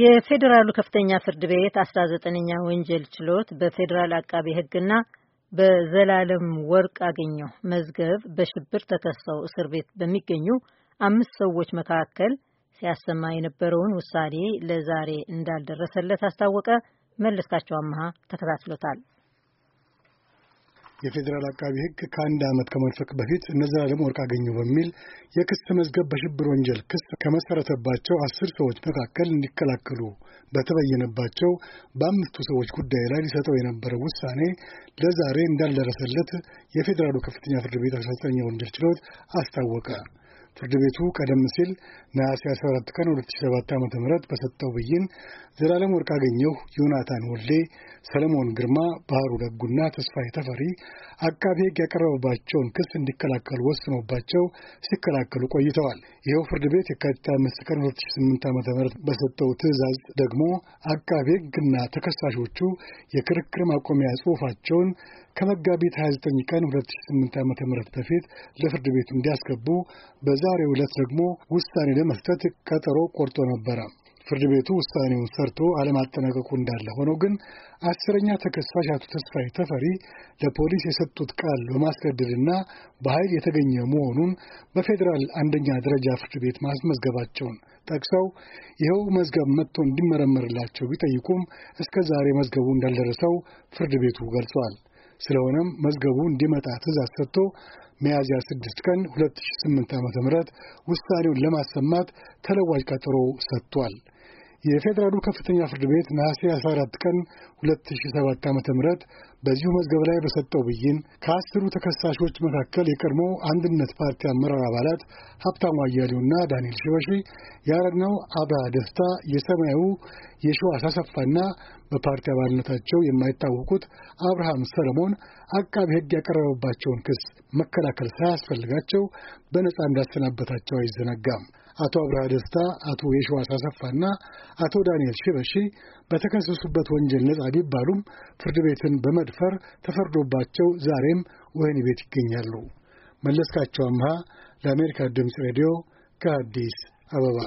የፌዴራሉ ከፍተኛ ፍርድ ቤት 19ኛ ወንጀል ችሎት በፌዴራል አቃቢ ሕግና በዘላለም ወርቅ አገኘው መዝገብ በሽብር ተከሰው እስር ቤት በሚገኙ አምስት ሰዎች መካከል ሲያሰማ የነበረውን ውሳኔ ለዛሬ እንዳልደረሰለት አስታወቀ። መለስካቸው አመሃ ተከታትሎታል። የፌዴራል አቃቢ ሕግ ከአንድ ዓመት ከመንፈቅ በፊት እነ ዘላለም አገኙ በሚል የክስ መዝገብ በሽብር ወንጀል ክስ ከመሰረተባቸው አስር ሰዎች መካከል እንዲከላከሉ በተበየነባቸው በአምስቱ ሰዎች ጉዳይ ላይ ሊሰጠው የነበረው ውሳኔ ለዛሬ እንዳልደረሰለት የፌዴራሉ ከፍተኛ ፍርድ ቤት አስራ ዘጠነኛ ወንጀል ችሎት አስታወቀ። ፍርድ ቤቱ ቀደም ሲል ነሐሴ 14 ቀን 2007 ዓ ም በሰጠው ብይን ዘላለም ወርቅአገኘሁ፣ ዮናታን ወልዴ፣ ሰለሞን ግርማ፣ ባህሩ ደጉና ተስፋ ተፈሪ አቃቢ ሕግ ያቀረበባቸውን ክስ እንዲከላከሉ ወስኖባቸው ሲከላከሉ ቆይተዋል። ይኸው ፍርድ ቤት የካቲት 5 ቀን 2008 ዓ ም በሰጠው ትዕዛዝ ደግሞ አቃቢ ሕግና ተከሳሾቹ የክርክር ማቆሚያ ጽሑፋቸውን ከመጋቢት 29 ቀን 2008 ዓ ም በፊት ለፍርድ ቤቱ እንዲያስገቡ በዘ በዛሬው ዕለት ደግሞ ውሳኔ ለመስጠት ቀጠሮ ቆርጦ ነበረ። ፍርድ ቤቱ ውሳኔውን ሰርቶ አለማጠናቀቁ እንዳለ ሆነው ግን አስረኛ ተከሳሽ አቶ ተስፋዬ ተፈሪ ለፖሊስ የሰጡት ቃል በማስገደድና በኃይል የተገኘ መሆኑን በፌዴራል አንደኛ ደረጃ ፍርድ ቤት ማስመዝገባቸውን ጠቅሰው ይኸው መዝገብ መጥቶ እንዲመረመርላቸው ቢጠይቁም እስከ ዛሬ መዝገቡ እንዳልደረሰው ፍርድ ቤቱ ገልጿል። ስለሆነም መዝገቡ እንዲመጣ ትእዛዝ ሰጥቶ ሚያዝያ 6 ቀን 2008 ዓ.ም ውሳኔውን ለማሰማት ተለዋጅ ቀጠሮ ሰጥቷል። የፌዴራሉ ከፍተኛ ፍርድ ቤት ነሐሴ 14 ቀን 2007 ዓ ም በዚሁ መዝገብ ላይ በሰጠው ብይን ከአስሩ ተከሳሾች መካከል የቀድሞ አንድነት ፓርቲ አመራር አባላት ሀብታሙ አያሌውና ዳንኤል ሽበሺ፣ የአረናው አብርሃ ደስታ፣ የሰማያዊ የሺዋስ አሰፋና በፓርቲ አባልነታቸው የማይታወቁት አብርሃም ሰለሞን አቃቢ ሕግ ያቀረበባቸውን ክስ መከላከል ሳያስፈልጋቸው በነፃ እንዳሰናበታቸው አይዘነጋም። አቶ አብርሃ ደስታ፣ አቶ የሸዋስ አሰፋና አቶ ዳንኤል ሽበሺ በተከሰሱበት ወንጀል ነጻ ቢባሉም ፍርድ ቤትን በመድፈር ተፈርዶባቸው ዛሬም ወህኒ ቤት ይገኛሉ። መለስካቸው አምሃ ለአሜሪካ ድምፅ ሬዲዮ ከአዲስ አበባ